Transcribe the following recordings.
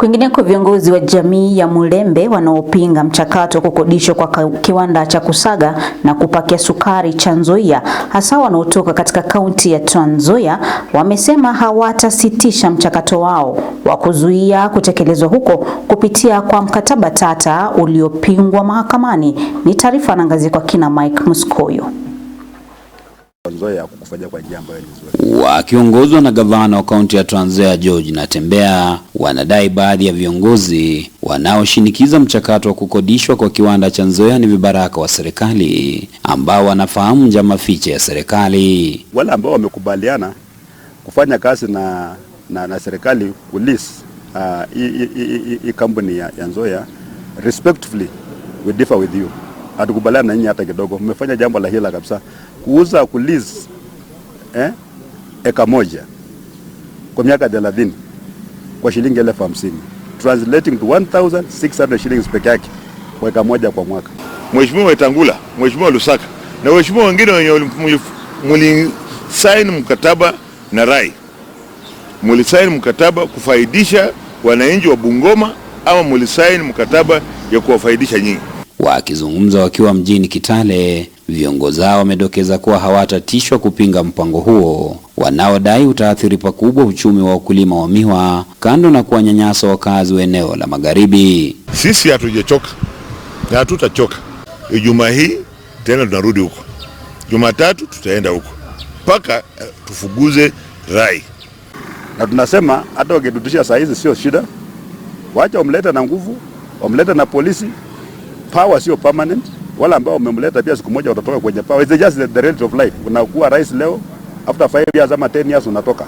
Kwingineko, viongozi wa jamii ya Mulembe wanaopinga mchakato wa kukodishwa kwa kiwanda cha kusaga na kupakia sukari cha Nzoia, hasa wanaotoka katika kaunti ya Trans Nzoia, wamesema hawatasitisha mchakato wao wa kuzuia kutekelezwa huko kupitia kwa mkataba tata uliopingwa mahakamani. Ni taarifa anaangazia kwa kina Mike Muskoyo. Nzoia kukufanya kwa njia ambayo ni nzuri. Wakiongozwa na gavana wa kaunti ya Trans Nzoia George Natembeya, wanadai baadhi ya viongozi wanaoshinikiza mchakato wa kukodishwa kwa kiwanda cha Nzoia ni vibaraka wa serikali ambao wanafahamu njama fiche ya serikali. Wale ambao wamekubaliana kufanya kazi na, na, na serikali kulis hii uh, kampuni ya, ya Nzoia respectfully we differ with you hatukubaliana na nyinyi hata kidogo. Mmefanya jambo la hila kabisa, kuuza kuliz eh, eka moja kwa miaka 30 kwa shilingi elfu hamsini translating to 1600 shillings peke yake kwa eka moja kwa mwaka. Mheshimiwa Wetangula, Mheshimiwa Lusaka na waheshimiwa wengine wenye mulisaini mkataba na Rai, mulisaini mkataba kufaidisha wananchi wa Bungoma ama mulisaini mkataba ya kuwafaidisha nyinyi? Wakizungumza wakiwa mjini Kitale, viongozi hao wamedokeza kuwa hawatatishwa kupinga mpango huo wanaodai utaathiri pakubwa uchumi wa wakulima wa miwa, kando na kuwanyanyasa wakazi wa eneo la magharibi. Sisi hatujachoka na hatutachoka. Ijumaa hii tena tunarudi huko, Jumatatu tutaenda huko mpaka eh, tufuguze rai, na tunasema hata wakidutisha saa hizi sio shida, wacha wamlete na nguvu, wamlete na polisi. Power sio permanent. Wala ambao umemleta pia siku moja watatoka kwenye power. It's just the reality of life. Unakuwa rais leo, after 5 years ama 10 years unatoka.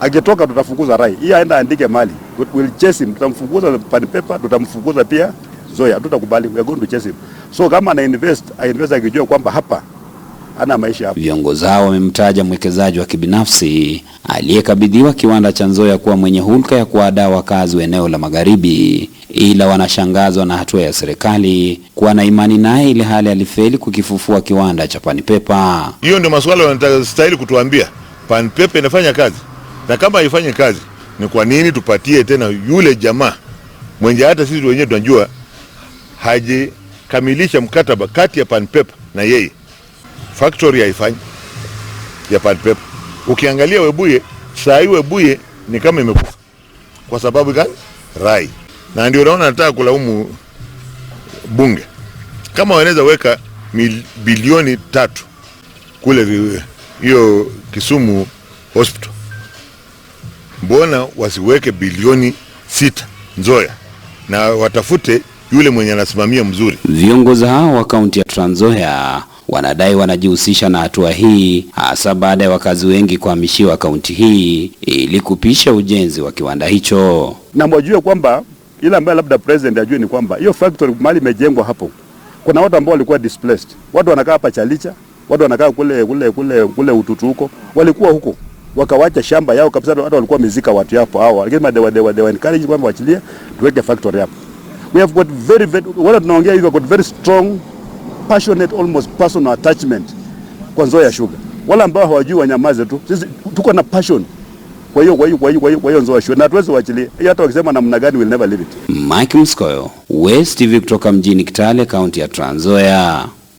Akitoka tutafukuza Rai. Hii aenda andike mali. We'll chase him. Tutamfukuza pan paper, tutamfukuza pia Zoya. Tutakubali. We going to chase him. So kama ana invest, a invest akijua kwamba hapa ana maisha hapa. Viongozi hao wamemtaja mwekezaji wa kibinafsi aliyekabidhiwa kiwanda cha Nzoya kuwa mwenye hulka ya kuwadaa wakazi wa eneo la Magharibi ila wanashangazwa na hatua ya serikali kuwa na imani naye ile hali alifeli kukifufua kiwanda cha Panpepa. Hiyo ndio maswala wanastahili kutuambia. Panpepa inafanya kazi, na kama haifanyi kazi, ni kwa nini tupatie tena yule jamaa mwenye hata sisi wenyewe tunajua hajikamilisha mkataba kati ya Panpepa na yeye? Factory haifanyi ya Panpepa. Ukiangalia Webuye, saa hii Webuye ni kama imekufa. Kwa sababu gani? Rai na ndio naona nataka kulaumu bunge kama wanaweza weka bilioni tatu kule hiyo Kisumu hospital, mbona wasiweke bilioni sita nzoya na watafute yule mwenye anasimamia mzuri. Viongozi hao wa kaunti ya Trans Nzoia wanadai wanajihusisha na hatua hii hasa baada ya wakazi wengi kuhamishiwa kaunti hii ili kupisha ujenzi wa kiwanda hicho, na mwajue kwamba Ila ambaye labda president ajue ni kwamba hiyo factory mali imejengwa hapo. Kuna watu ambao walikuwa displaced. Watu wanakaa hapa Chalicha, watu wanakaa kule kule kule kule Ututu huko. Walikuwa huko. Wakawacha shamba yao kabisa, hata walikuwa wamezika watu hapo hao. Lakini they were they were encouraged kwamba wachilie tuweke factory hapo. We have got very very wala tunaongea hivi, got very strong passionate almost personal attachment kwa Nzoia Sugar. Wala ambao hawajui wanyamaze tu. Sisi tuko na passion kwa hiyo kwa hiyo kwa hiyo kwa hiyo kwa hiyo nzoa na tuweze kuachilia hata wakisema namna gani, we'll never leave it. Mike Mskoyo, West TV kutoka mjini Kitale, County ya Trans Nzoia.